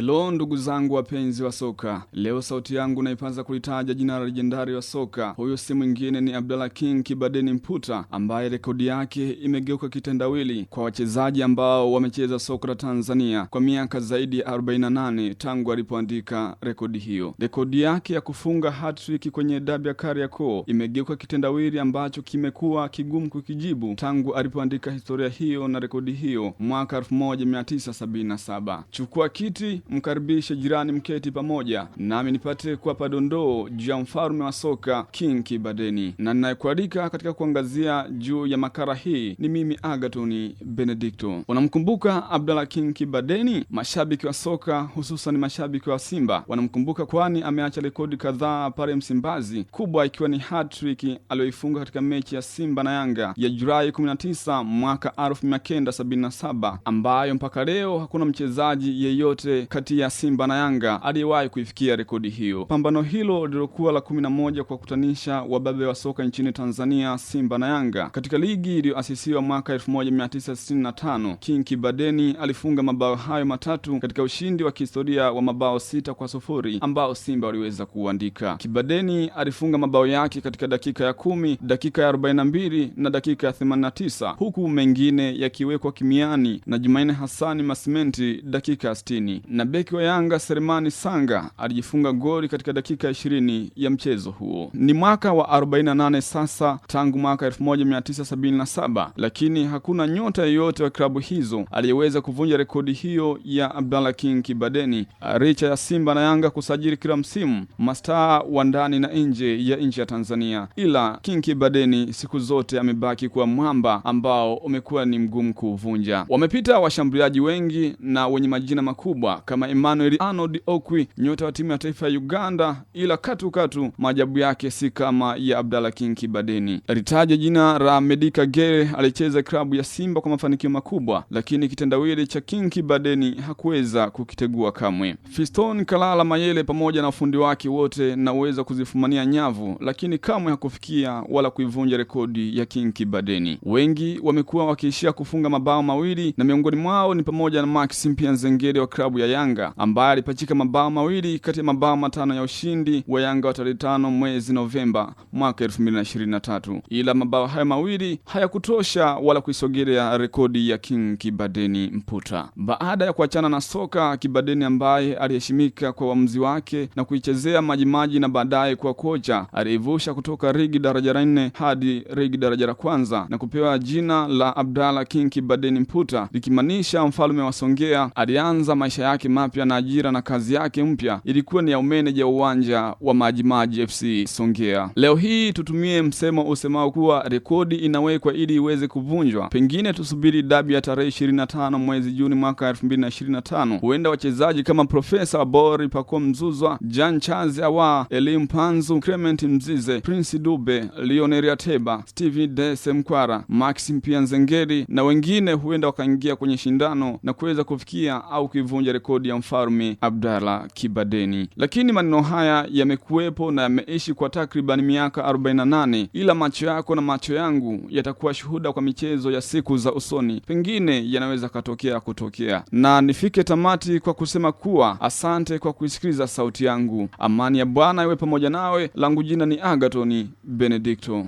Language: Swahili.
Hello ndugu zangu wapenzi wa soka, leo sauti yangu naipaza kulitaja jina la lejendari wa soka. Huyo si mwingine ni Abdalla King Kibadeni Mputa, ambaye rekodi yake imegeuka kitendawili kwa wachezaji ambao wamecheza soka la Tanzania kwa miaka zaidi ya 48 tangu alipoandika rekodi hiyo. Rekodi yake ya kufunga hat-trick kwenye dabi ya Kariakoo imegeuka kitendawili ambacho kimekuwa kigumu kukijibu tangu alipoandika historia hiyo na rekodi hiyo mwaka 1977. Chukua kiti mkaribishe jirani, mketi pamoja nami nipate kuwapa dondoo juu ya mfalme wa soka King Kibadeni, na ninayekualika katika kuangazia juu ya makara hii ni mimi Agatoni Benedikto. Unamkumbuka Abdallah King Kibadeni? Mashabiki wa soka hususan mashabiki wa Simba wanamkumbuka, kwani ameacha rekodi kadhaa pale Msimbazi, kubwa ikiwa ni hatrik aliyoifunga katika mechi ya Simba na Yanga ya Julai 19 mwaka 1977 ambayo mpaka leo hakuna mchezaji yeyote kati ya Simba na Yanga aliyewahi kuifikia rekodi hiyo. Pambano hilo lililokuwa la 11 kwa kutanisha wababe wa soka nchini Tanzania, Simba na Yanga katika ligi iliyoasisiwa mwaka 1965. king kibadeni alifunga mabao hayo matatu katika ushindi wa kihistoria wa mabao sita kwa sufuri ambao Simba waliweza kuuandika. Kibadeni alifunga mabao yake katika dakika ya kumi, dakika ya 42 na dakika ya 89 huku mengine yakiwekwa kimiani na Jumaine Hassani Masimenti dakika ya 60 na beki wa Yanga Selemani Sanga alijifunga goli katika dakika ishirini ya mchezo huo. Ni mwaka wa 48 sasa tangu mwaka 1977, lakini hakuna nyota yoyote wa klabu hizo aliyeweza kuvunja rekodi hiyo ya Abdallah King Kibadeni Richa ya Simba na Yanga kusajili kila msimu mastaa wa ndani na nje ya nchi ya Tanzania, ila King Kibadeni siku zote amebaki kuwa mwamba ambao umekuwa ni mgumu kuuvunja. Wamepita washambuliaji wengi na wenye majina makubwa kama Emmanuel Arnold Okwi, nyota wa timu ya taifa ya Uganda, ila katukatu maajabu yake si kama ya Abdalla King Kibadeni. Alitaja jina la Medika Gere, alicheza klabu ya Simba kwa mafanikio makubwa, lakini kitendawili cha King Kibadeni hakuweza kukitegua kamwe. Fiston Kalala Mayele pamoja na ufundi wake wote naweza kuzifumania nyavu, lakini kamwe hakufikia wala kuivunja rekodi ya King Kibadeni. Wengi wamekuwa wakiishia kufunga mabao mawili na miongoni mwao ni pamoja na Maximilian Zengeri wa klabu ya Yanga ambaye alipachika mabao mawili kati ya mabao matano ya ushindi wa Yanga wa tarehe tano mwezi Novemba mwaka 2023, ila mabao hayo mawili hayakutosha wala kuisogelea rekodi ya King Kibadeni Mputa. Baada ya kuachana na soka, Kibadeni ambaye aliheshimika kwa uamuzi wake na kuichezea Majimaji na baadaye kwa kocha aliyevusha kutoka ligi daraja la nne hadi ligi daraja la kwanza na kupewa jina la Abdalla King Kibadeni Mputa, likimaanisha mfalme wa Songea, alianza maisha yake mapya na ajira na kazi yake mpya ilikuwa ni ya umeneja uwanja wa Majimaji FC Songea. Leo hii tutumie msemo usemao kuwa rekodi inawekwa ili iweze kuvunjwa. Pengine tusubiri dabi ya tarehe 25 mwezi Juni mwaka 2025. Huenda wachezaji kama Profesa Bori Pako Mzuzwa, Jan Chazi Awa, Elimu Panzu, Clement Mzize, Prince Dube, Lionel Ateba, Steven Dese Mkwara, Max Mpia Nzengeri na wengine huenda wakaingia kwenye shindano na kuweza kufikia au kuivunja rekodi rekodi ya mfalme Abdala Kibadeni. Lakini maneno haya yamekuwepo na yameishi kwa takriban miaka 48, ila macho yako na macho yangu yatakuwa shuhuda kwa michezo ya siku za usoni, pengine yanaweza katokea kutokea. Na nifike tamati kwa kusema kuwa asante kwa kuisikiliza sauti yangu. Amani ya Bwana iwe pamoja nawe. Langu jina ni Agatoni Benedikto.